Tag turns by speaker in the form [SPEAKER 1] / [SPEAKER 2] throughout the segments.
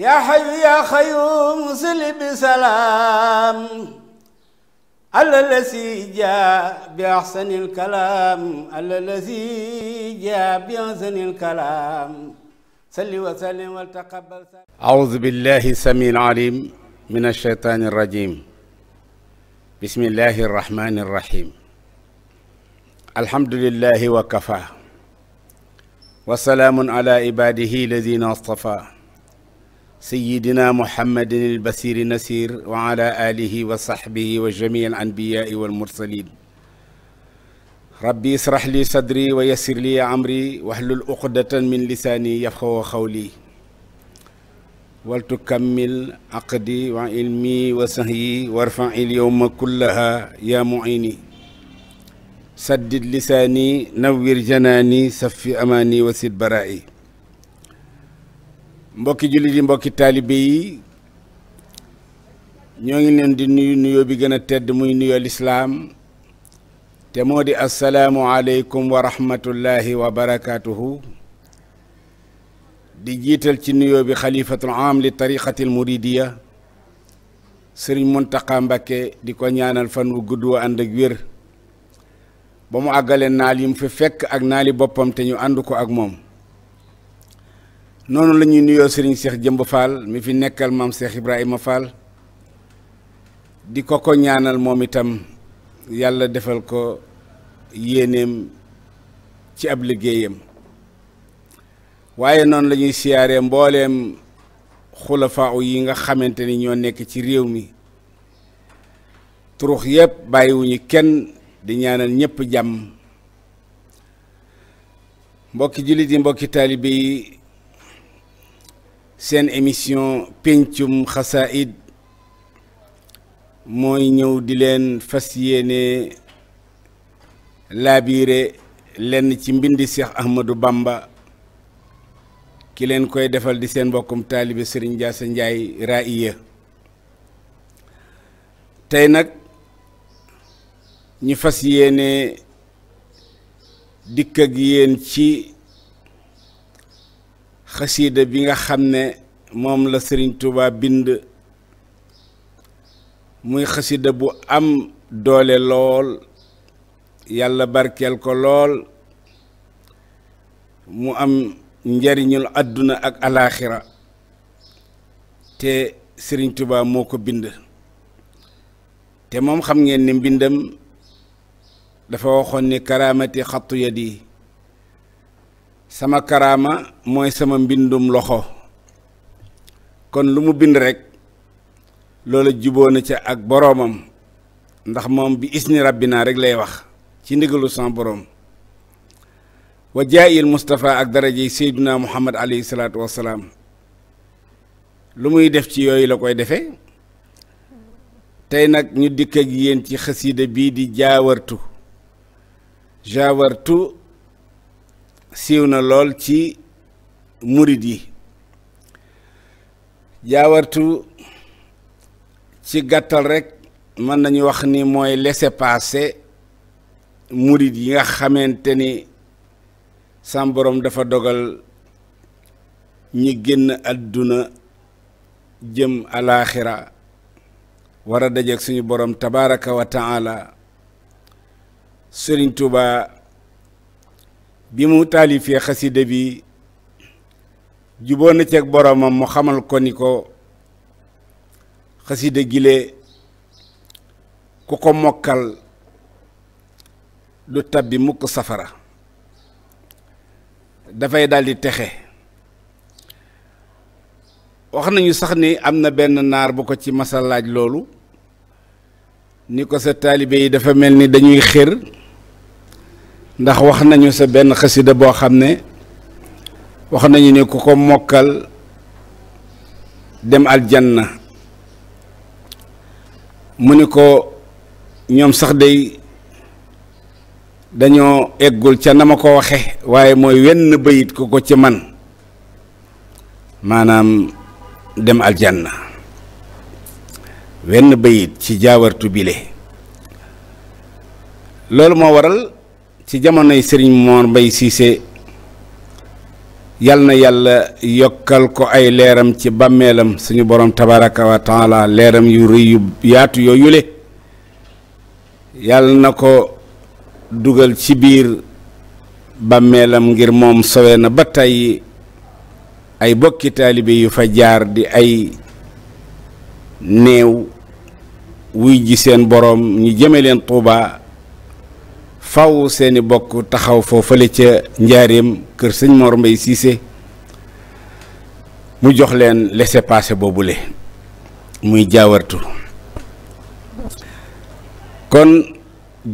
[SPEAKER 1] يا حي يا خيوم سل بسلام على الذي جاء بأحسن الكلام على الذي جاء بأحسن الكلام سل وسلم وتقبل أعوذ بالله السميع العليم من الشيطان الرجيم بسم الله الرحمن الرحيم الحمد لله وكفى وسلام على عباده الذين اصطفى سيدنا محمد البصير النسير وعلى آله وصحبه وجميع الأنبياء والمرسلين ربي اسرح لي صدري ويسر لي عمري واحلل عقدة من لساني يفقه قولي ولتكمل عقدي وعلمي وسهي وارفع اليوم كلها يا معيني سدد لساني نور جناني سف أماني وسد برائي mbokki jullit yi mbokki taalibe yi ñoo ngi leen di nuyu nuyoo bi gën a tedd muy nuyoo lislaam te moo di assalaamu aleykum wa rahmatullahi wa barakaatuhu di jiital ci nuyoo bi xalifatul am li tariqati al muridiya sëriñ Muntaqa Mbakke di ko ñaanal fan wu gudd wa ànd ak wér ba mu àggale naal yi mu fi fekk ak naali boppam te ñu ànd ko ak moom noonu lañuy nuyoo Serigne seex Jëmb Fall mi fi nekkal maam Cheikh Ibrahima Fall di ko ko ñaanal moom itam yàlla defal ko yéeneem ci ab liggéeyam waaye noonu lañuy ñuy mbooleem mbooleem xulafaaw yi nga xamante ni ñoo nekk ci réew mi turux yépp bàyyiwuñu kenn di ñaanal ñépp jàmm mbokki jullit yi mbokki taalibe yi seen émission pencum xasaayid mooy ñëw di leen fas yéene laabiire lenn ci mbindi Cheikh Ahmadou Bamba ki leen koy defal di seen mbokkum taalibe Serigne Diassa Ndiaye Raiya tey nag ñu fas yéene dikk ak yéen ci خسيدة بيغا خمنا موم لا سرين توبا بند موي خسيدة بو أم دولي لول يالا بارك يالكو لول مو أم نجاري نيول أدونا أك الاخرة تي سرين توبا موكو بند تي موم خمنا نم بندم دفا وخوني كرامتي خط يدي sama karaama mooy sama mbindum loxo kon lu mu bind rekk loola juboo na ca ak boroomam ndax moom bi isni rabbinaa rekk lay wax ci ndigalu sans boroom wa jaayil Moustapha ak daraje Seyduna Muhammad alayhi salaatu wassalaam lu muy def ci yooyu la koy defe tey nag ñu dikk ak yéen ci xasiida bii di jaawartu jaawartu siiw na lool ci murit yi jaawartu ci gàttal rek mën nañu wax ni mooy laissez-passer murit yi nga xamante ni sam borom dafa dogal ñi génn àdduna jëm alaaxira war a suñu borom tabaaraka wa taala Sëriñ Tuubaa bi mu taalifee xasida bi juboo na ceeg boroomam mu xamal ko ni ko xaside gile ku ko mokkal du tabbi mukk safara dafay daldi texe wax nañu sax ni am na benn naar bu ko ci masalaaj loolu ni ko sa taalibe yi dafa mel ni dañuy xér ndax wax nañu sa benn xasida boo xam ne wax nañu ne ku ko mokkal dem na mu ni ko ñoom sax day dañoo eggul ca na ma ko waxe waaye mooy wenn bayit ku ko ci man maanaam dem na wenn bayit ci jaawartu bile loolu moo waral ci jamonoy sëriñ Mor Mbay Siise yal na yàlla yokkal ko ay leeram ci bàmmeelam suñu borom tabaraka leeram yu rëy yu yaatu yooyule yal na ko dugal ci biir bàmmeelam ngir moom sowe na ba tey ay bokki taalibe yu fa jaar di ay néew wuy ji seen boroom ñu jëme leen Tuuba faw seeni bokk taxaw foofale ca njaareem kër sëñ Mor Mbaye Cissé mu jox leen laissez-passer boobule muy jaawartu kon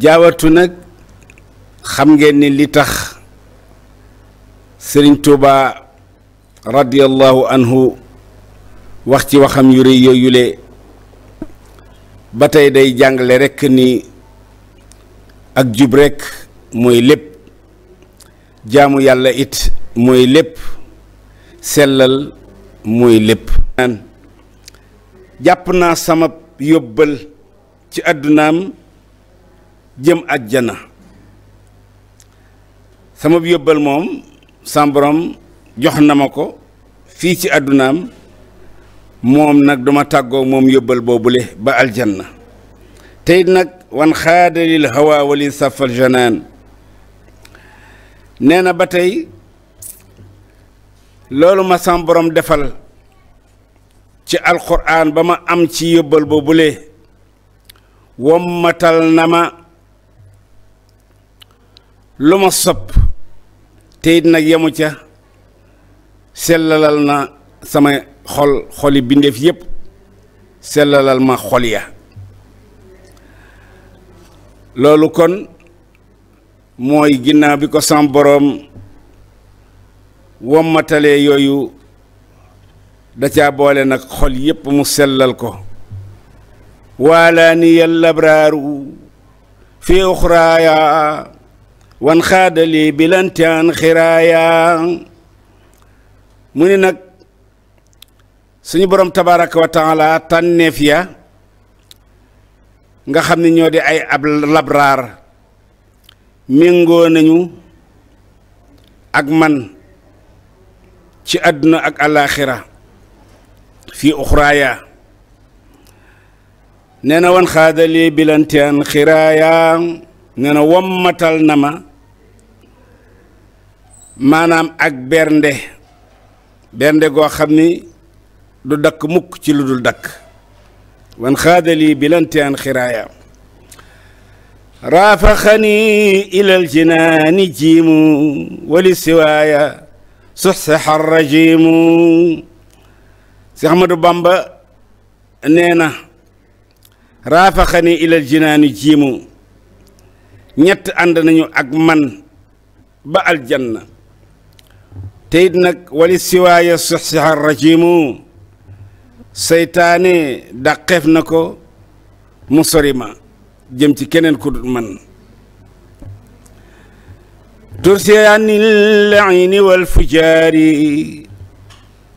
[SPEAKER 1] jaawartu nag xam ngeen ni li tax sëriñ Touba radiyallahu anhu wax ci waxam yu rëy yooyule ba tey day jàngale rekk ni ak jub rekk mooy lépp jaamu yàlla it mooy lépp sellal mooy lépp jàpp naa sama yóbbal ci àddunaam jëm àjjana sama yóbbal moom sàmborom jox na ma ko fii ci àddunaam moom nag duma tàggoo moom yóbbal boobule ba aljana tey nag وانخاد للهوى ولصف الجنان نانا باتاي لولو ما سامبروم دفال تي القران بما ام تي يوبال بوبولي ومتال نما لما صب تيدنا يموتيا سلالنا سما خول خولي بنديف ييب سلالال ما خوليا loolu kon mooy ginnaaw bi ko sam borom wommatalee yooyu da caa boole nag xol yépp mu sellal ko waalaaniyal labraaru fi uxraaya wan xaadali bilanti an xiraaya mu ni nag suñu borom tabaraka wa taala tànneef ya nga xam ni ñoo di ay ab labraar méngoo nañu ak man ci àdduna ak alaaxira fii uxraaya nee na wan xaadali bilantian xiraaya nee na wommatal na ma maanaam ak bernde bernde goo xam ni du dakk mukk ci lu dul dakk وانخاذ لي بلنتي عن خرايا رافخني إلى الجنان جيم ولسوايا صحصح الرجيم سي أحمد بامبا نينا رافخني إلى الجنان جيم نيت ànd نيو ak man ba aljanna teyit nag صحصح siwaaya seytaane dàqeef na ko mu sori ma jëm ci keneen ku dul man ترسيان العين والفجار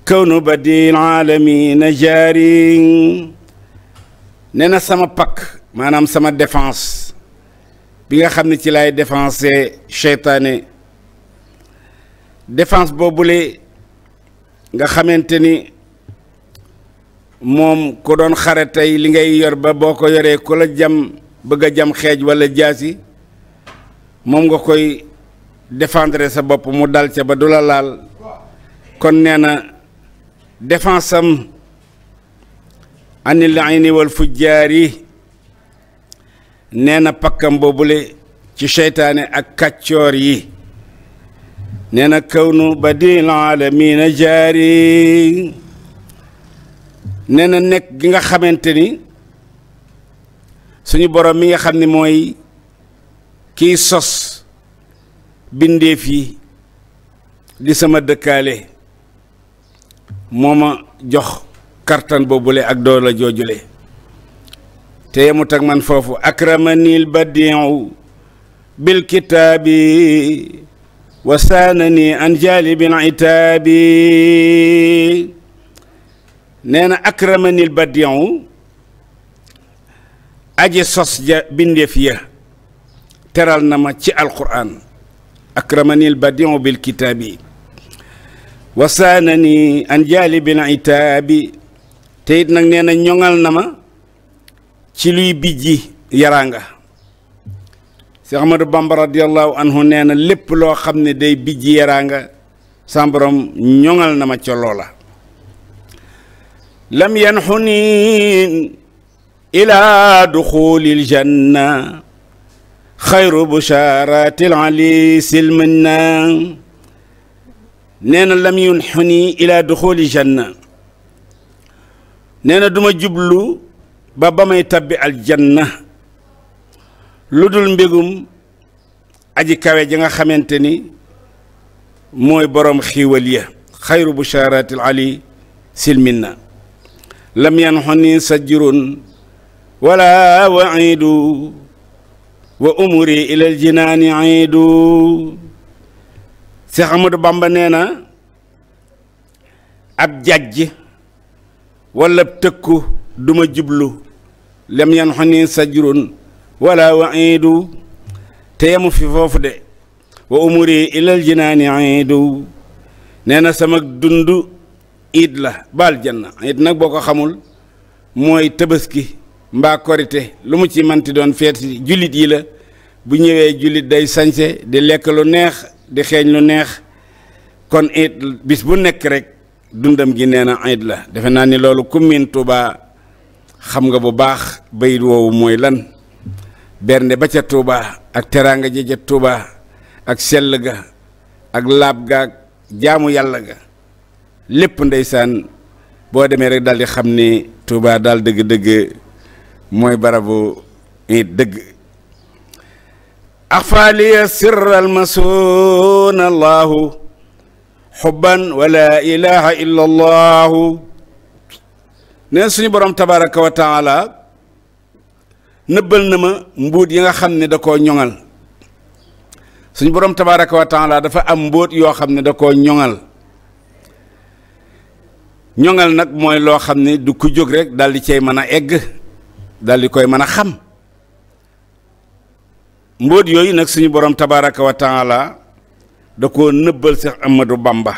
[SPEAKER 1] كون بدي العالمين جاري نانا سما باك مانام سما ديفانس بيغا خامني تي لاي ديفانسي شيطاني ديفانس بوبولي nga xamanteni moom ku doon xare tey li ngay yor ba boo ko yoree ku la jam bëgg a jam xeej wala jaasi moom nga koy défendre sa bopp mu dal ca ba du la laal kon nee na défense am anil ayni wal fujjaari nee na pakkam boobule ci seytaane ak kàccoor yi nee na kawnu badil alamina jaari nee na nekk gi nga xamante ni suñu boroom mi nga xam ni mooy kiy sos bindeef yi di sama dëkkaale moo ma jox kartan boobule ak doola joojule te yemut ak man foofu akramanil badiu bil kitaabi wasaanani an jalibin itaabi nee na akramanil badion aji sos ja bindeef ya teral na ma ci alquran akramanil badion bil kitaabi wasaanani an jaali bil itaabi te nag nee na ñoŋal na ma ci luy bijji yaraanga Cheikh Ahmadou Bamba lépp loo xam ne day bijji yaraanga ñoŋal na ma ca loola لم ينحني إلى دخول الجنة خير بشارات العلي سلمنا نينا لم ينحني إلى دخول الجنة نينا دوما جبلو بابا ما يتبع الجنة لدول مبيغم أجي kawe جنة خمينتني موي ni mooy خير بشارة العلي سلمنا lam yanxuni sajrun wala waidu wa umuri ilal jinaani iidu Seex Ahmadu Bamba nee na ab jajj wala tëkku duma jublu lam yanxuni sajrun wala waidu te yemu fi foofu de wa umuri ilal jinaani iidu nee na sama dund it la baal janna it nag boo ko xamul mooy tabaski mbaa korite lu mu ci manti doon feet jullit yi la bu ñëwee jullit day sañse di lekk lu neex di xeeñ lu neex kon iid bis bu nekk rek dundam gi nee na iid la defe naa ni loolu kummin Tuuba xam nga bu baax bayit woowu mooy lan bernde ba ca Tuuba ak teraanga ja ca Tuuba ak sell ga ak laab ga ak jaamu yàlla ga lépp ndeysaan boo demee rek dal di xam ni Touba dal dëgg-dëgg mooy barabu it dëgg axfaaliya sirral masuuna allahu xubban wala ilaha illa allahu neen suñu borom tabaraka wa taala nëbbal na ma mbuut yi nga xam ni da koo ñoŋal suñu borom tabaraka wa taala dafa am mbóot yoo xam ne da koo ñoŋal ñoŋal nag mooy loo xam ne du ku jóg rek dal di cay mën a egg dal di koy mën a xam mbóot yooyu nag suñu borom tabaraka wa taala da koo nëbbal Seex Ahmadu Bamba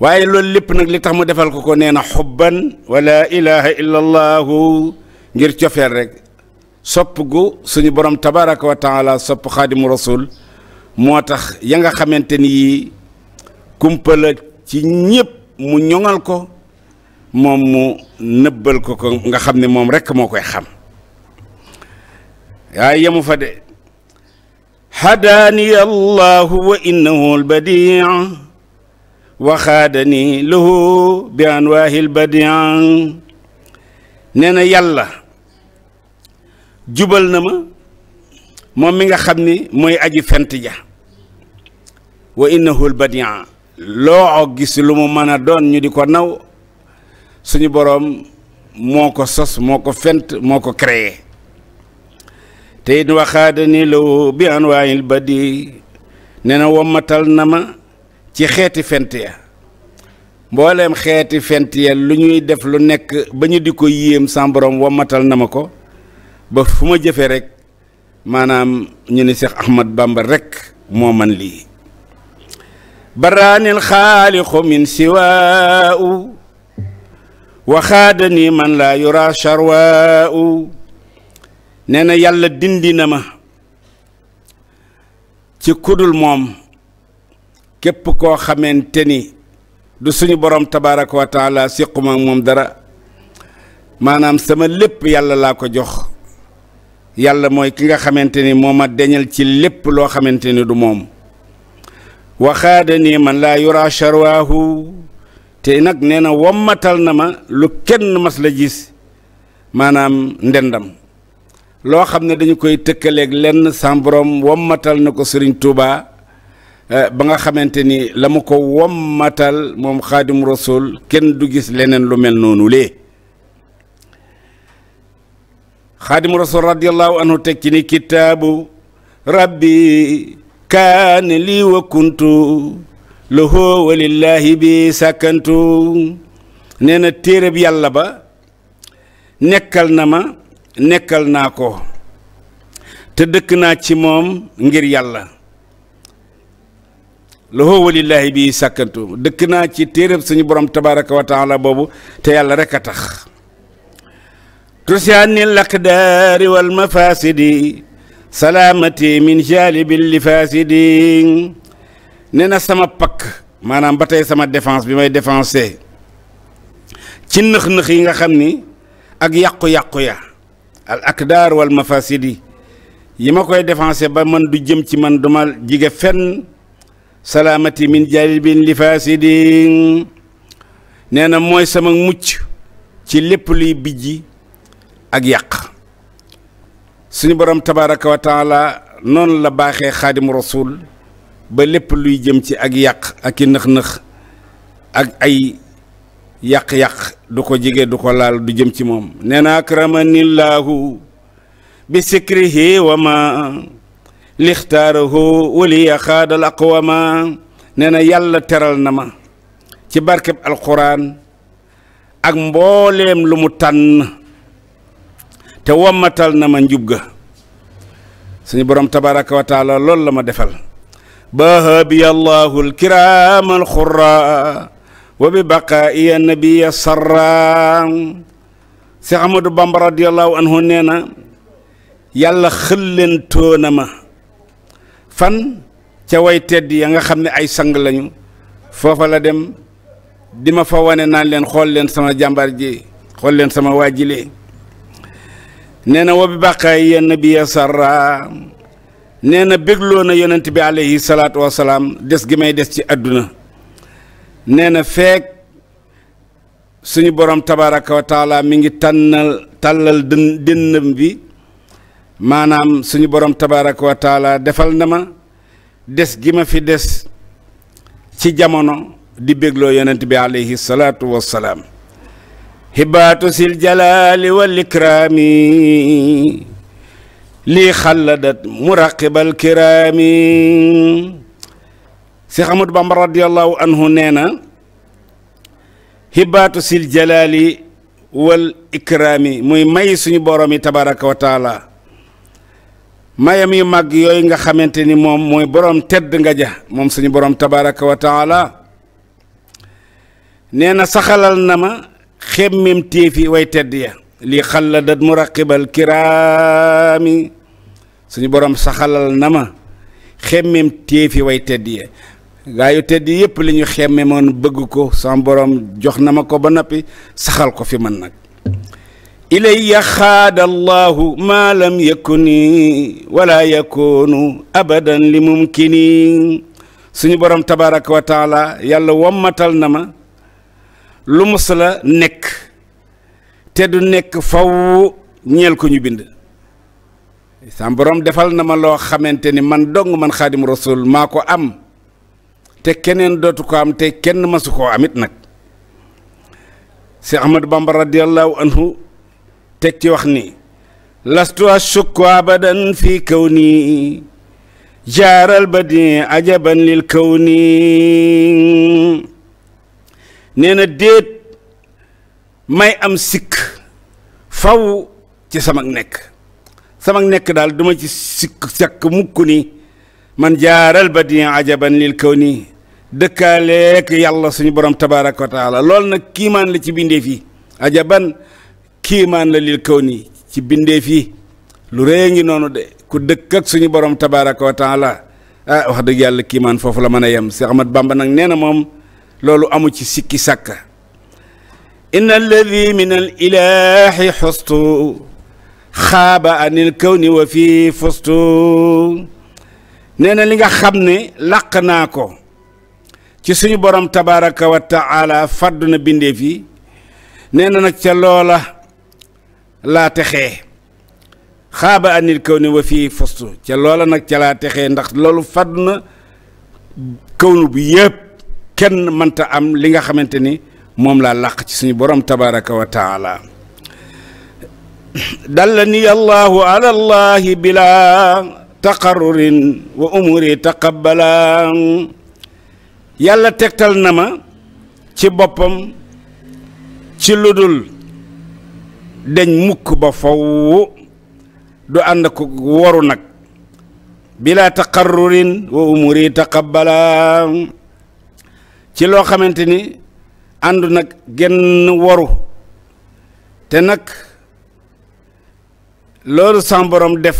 [SPEAKER 1] waaye loolu lépp nag li tax mu defal ko ko nee na xubban wala ilaha illa allahu ngir cofeel rek sopp gu suñu borom tabaraka wa taala sopp xaadimu rasul moo tax ya nga xamante ni kumpala ci ñëpp mu ñoŋal ko moom mu nëbbal ko ko nga xam ni moom rekk moo koy xam waaye yemu fa de hadaani allahu wa innahu albadia wa nee na yàlla jubal na ma moom mi nga xam ni mooy aji fent ja wa innahu albadia loo gis lu mu mën a doon ñu di ko naw suñu borom moo ko sos moo ko fent moo ko créé te it waxaadani law bi anwaayil badi nee na wommatal na ma ci xeeti fent ya mbooleem xeeti fent ya lu ñuy def lu nekk ba ñu di ko yéem sam borom wommatal na ma ko ba fu ma jëfe rek maanaam ñu ni Ahmad Bamba rek moo man lii براني الخالق من سواء waxaadani man laa yura charwaau nee na yàlla dindi na ma ci kudul moom képp koo xamante ni du suñu borom tabaraka wa taala siquma ak moom dara maanaam sama lépp yàlla laa ko jox yàlla mooy ki nga xamante ni moo ma deñal ci lépp loo xamante ni du moom waxaada nii man laa yura charwaahu te nag nee na wommatal na ma lu kenn mas la gis maanaam ndendam loo xam ne dañu koy tëkkaleek lenn sàmborom wommatal na ko Serigne Touba eh, ba nga xamante ni la mu ko wommatal moom xaadim rasul kenn du gis leneen lu mel noonu lee xaadim rasul radiallahu anhu teg ci ni kitaabu rabbi kaana lii wa kuntu lahu wa lillaahi bi sàkkantu nee na téereb yàlla ba nekkal na ma nekkal naa ko te dëkk naa ci moom ngir yàlla lahu wa lillaahi bi sàkkantu dëkk naa ci téereb suñu borom tabaaraka wa boobu te yàlla rekk a tax tusiani laqdaari wal mafaasidi salaamati min jalibil li faasidi nee na sama pakk maanaam ba tey sama défense bi may défensé ci nëx-nëx yi nga xam ni ak yàqu-yàqu ya al akdaar wal mafasidi yi ma koy défensé ba man du jëm ci man duma jige fenn salaamati min jalibin li faasidi nee na mooy sama mucc ci lépp luy bijji ak yàq suñu borom tabaraka wa taala non la baaxee xaadimu rasul ba lépp luy jëm ci ak yàq ak i nëx-nëx ak ay yàq-yàq du ko jige du ko laal du jëm ci moom nee na akramanillahu bi sikrihi wa ma lixtaarahu waliya xaadal aqwama nee na yàlla teral na ma ci barkeb alquran ak mbooleem lu mu tànn te wommatal na ma njub ga suñu borom tabaraka wa taala loolu la ma defal ba habiya allahu alkiram wa bi baqaa'iya nabiya sarra Seex Ahmadu Bamba radiyallahu anhu nee na yàlla leen na ma fan ca way tedd ya nga xam ne ay sang lañu foofa la dem di ma fa wane naan leen xool leen sama jàmbaar ji xool leen sama waajilee nee na wa bi bàqaay ya nabiya sarra nee na bégloo na yonent bi aleyhi salaatu wasalaam des gi may des ci àdduna nee na feek suñu borom tabaraka wa taala mi ngi tànnal tàllal dën dënnam bi maanaam suñu borom tabaraka wa defal na ma des gi ma fi des ci jamono di bégloo yonent bi aleyhi salaatu wasalaam هبات ذي الجلال والإكرام لي خلدت مراقب الكرام Seex Ahmadu Bamba radiyallahu anhu nee na hibaatu sil jalaali wal ikraami muy may suñu borom yi tabaraka wa taala mayam yu màgg yooyu nga xamante ni moom mooy borom tedd nga ja moom suñu borom tabaraka wa taala nee na saxalal na ma xemmemteef yi way tedd ya lii xalladat muraqibal kiraami suñu borom saxalal na ma xemmemteef yi way tedd ya gaa yu tedd yépp li ñu xemmemoon bëgg ko sama borom jox na ma ko ba noppi saxal ko fi man nag ilayya xaada allahu maa lam yakuni wala yakunu abadan li mumkini suñu borom tabaraka wa taala yàlla wommatal na ma lu mos nekk te du nekk faw ñeel ko ñu bind sam borom defal na ma loo xamante ni man dong man xaadim rasul maa ko am te keneen dootu ko am te kenn masu koo amit nag si ahmadu bamba radiallahu anhu teg ci wax ni lastu ashukku abadan fi kawni jaaral badi ajaban lil kawni nee na déet may am sikk faw ci samak nekk samak nekk daal duma ci sikk sakk mukk ni man jaaral ba di ajaban lil kaw nii dëkkaaleek yàlla suñu borom tabaaraka wa taala loolu nag kiimaan la ci bindeef yi ajaban kiimaan la lil kaw nii ci bindeef yi lu rëy a ngi noonu de ku dëkk ak suñu borom tabaaraka wa taala ah wax dëgg yàlla kiimaan foofu la mën a yem Seex Ahmad Bamba nag nee na moom loolu amu ci sikki sàkka inna alladi min al ilaahi xustu xaaba anil kawni wa fii fustu nee na li nga xam ne làq naa ko ci suñu borom tabaraka wa taala fàddu na bindeef yi nee na nag ca loola laa texee xaaba anil kawni wa fii fustu ca loola nag ca laa texee ndax loolu fàddu na kawnu bi yépp kenn mënta am li nga xamante ni moom laa làq ci suñu borom tabaraka wa taala dallani allahu bila taqarrurin wa umuri taqabbala yàlla tegtal na ma ci boppam ci ludul dañ mukk ba faw du ànd ko woru nag bila taqarrurin wa umuri taqabbala ci loo xamante ni ànd nag genn waru te nag loolu sam borom def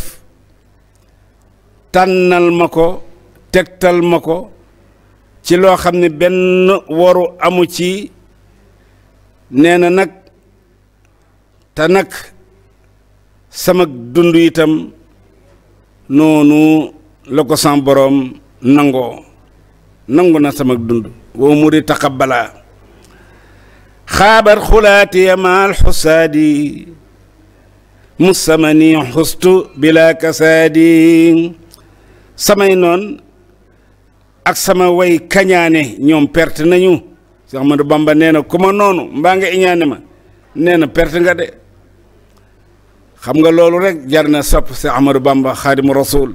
[SPEAKER 1] tànnal ma ko tegtal ma ko ci loo xam ne benn waru amu ci nee na nag te nag sama dund itam noonu la ko sam borom nangoo nangu na sama dund wa umuri taqabbala xaabat xulaatiya ma alxusaadi mussamani xustu bila kasaadi samay noon ak sama way kañaane ñoom perte nañu Seex Ahmadu Bamba nee na noonu mbaa nga iñaane ma nee na perte nga de xam nga loolu rek jar na sopp Ahmadu Bamba xaadimu rasuul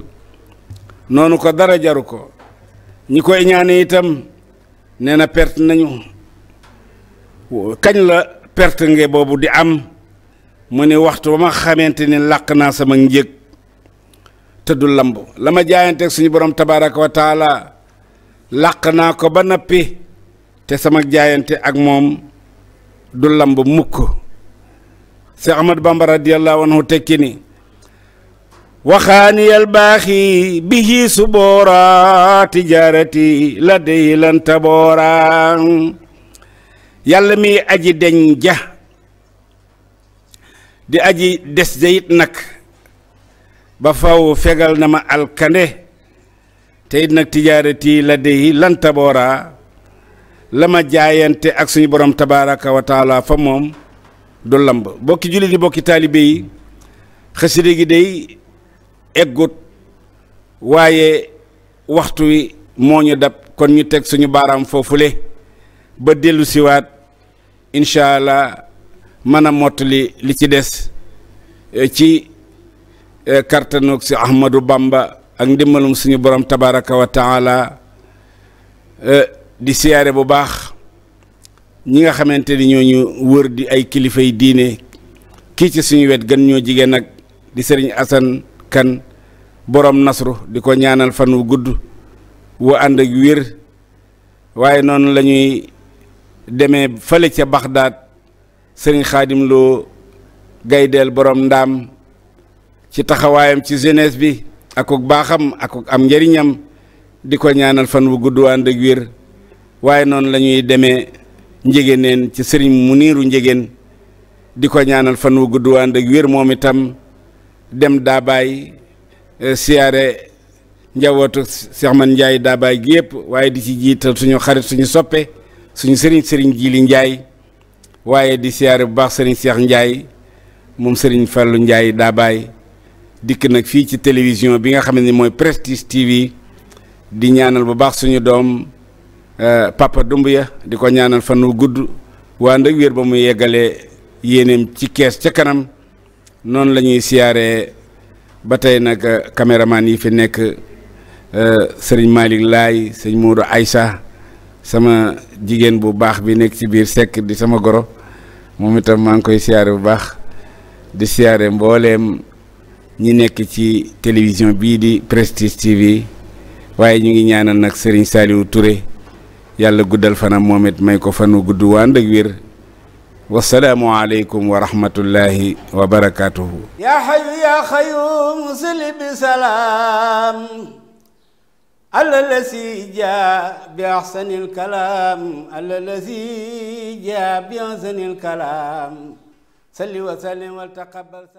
[SPEAKER 1] noonu ko dara jaru ko ñi ko iñaane itam nee na perte nañu kañ la perte nge boobu di am mu ne waxtu ba ma xamante ni làq naa sama njëg te du lamb la ma jaayanteeg suñu borom tabaaraka wa taala làq naa ko ba nappi te sama jaayante ak moom du lamb mukk Seex Ahmadu Bamba radiyallaahu mu tekki ni waxaani albaaxi bihi suboora tijaarati la dey lan yàlla mi aji deñ ja di aji des jayit nag ba faw fegal na ma alkande teyit nag tijaarati la dey lan la ma jaayante ak suñu borom tabaaraka wa fa moom du lamb bokki jullit yi bokki taalibe yi xasida gi dey eggut waaye waxtu wi moo ñu dab kon ñu teg suñu baaraam foofule ba dellusiwaat siwaat incha allah mën mottali li ci des eh, ci eh, kartanuk si Ahmadou Bamba ak ndimbalum suñu borom tabaraka wa taala eh, di siyaare bu baax ñi nga xamante ni ñoo ñu wër di ay kilifay diine kii ci suñu wet gën ñoo jigéen nag di sëriñ Asan Kan borom nasru di ko ñaanal fan wu gudd wu ànd ak wér waaye noonu lañuy ñuy demee fële ca Baxdaad sëriñ xaadim gaydeel borom ndaam ci taxawaayam ci jeunesse bi akuk baaxam akuk am njariñam di ko ñaanal fan wu gudd wu ànd ak wér waaye noonu lañuy ñuy demee njegéneen ci sëriñ mu niiru njegéen di ko ñaanal fan wu gudd wu ànd ak wér moom itam dem daa daabaay Eh, siyaare njabootu Cheikh Man Ndiaye daabaay gi yëpp waaye di ci jiital suñu xarit suñu soppe suñu sëriñ sëriñ Jili Ndiaye waaye di siyaare bu baax sëriñ Cheikh Ndiaye moom sëriñ Fallou Ndiaye daabaay dikk nag fii ci télévision bi nga xam ne mooy Prestige TV di ñaanal bu baax suñu doom eh, Papa ya di ko ñaanal fan wu gudd waa ndag wér ba mu yeggalee yéeneem ci kees ca kanam noonu lañuy ñuy siyaaree ba tey nag euh, caméraman yi fi nekk euh, sëriñ Malick Laay sëñ Modou Aïcha sama jigéen bu baax bi nekk ci biir sekk di sama goro moom itam maa ngi koy siyaare bu baax di siyaare mbooleem ñi nekk ci télévision bii di Prestige TV waaye ñu ngi ñaanal nag sëriñ Saliou ture yàlla guddal fanam moom it may ko fanu gudd waan dëgg wér والسلام عليكم ورحمة الله وبركاته يا حي يا خيوم سل بسلام على الذي جاء بأحسن الكلام على الذي جاء بأحسن الكلام سل وسلم وتقبل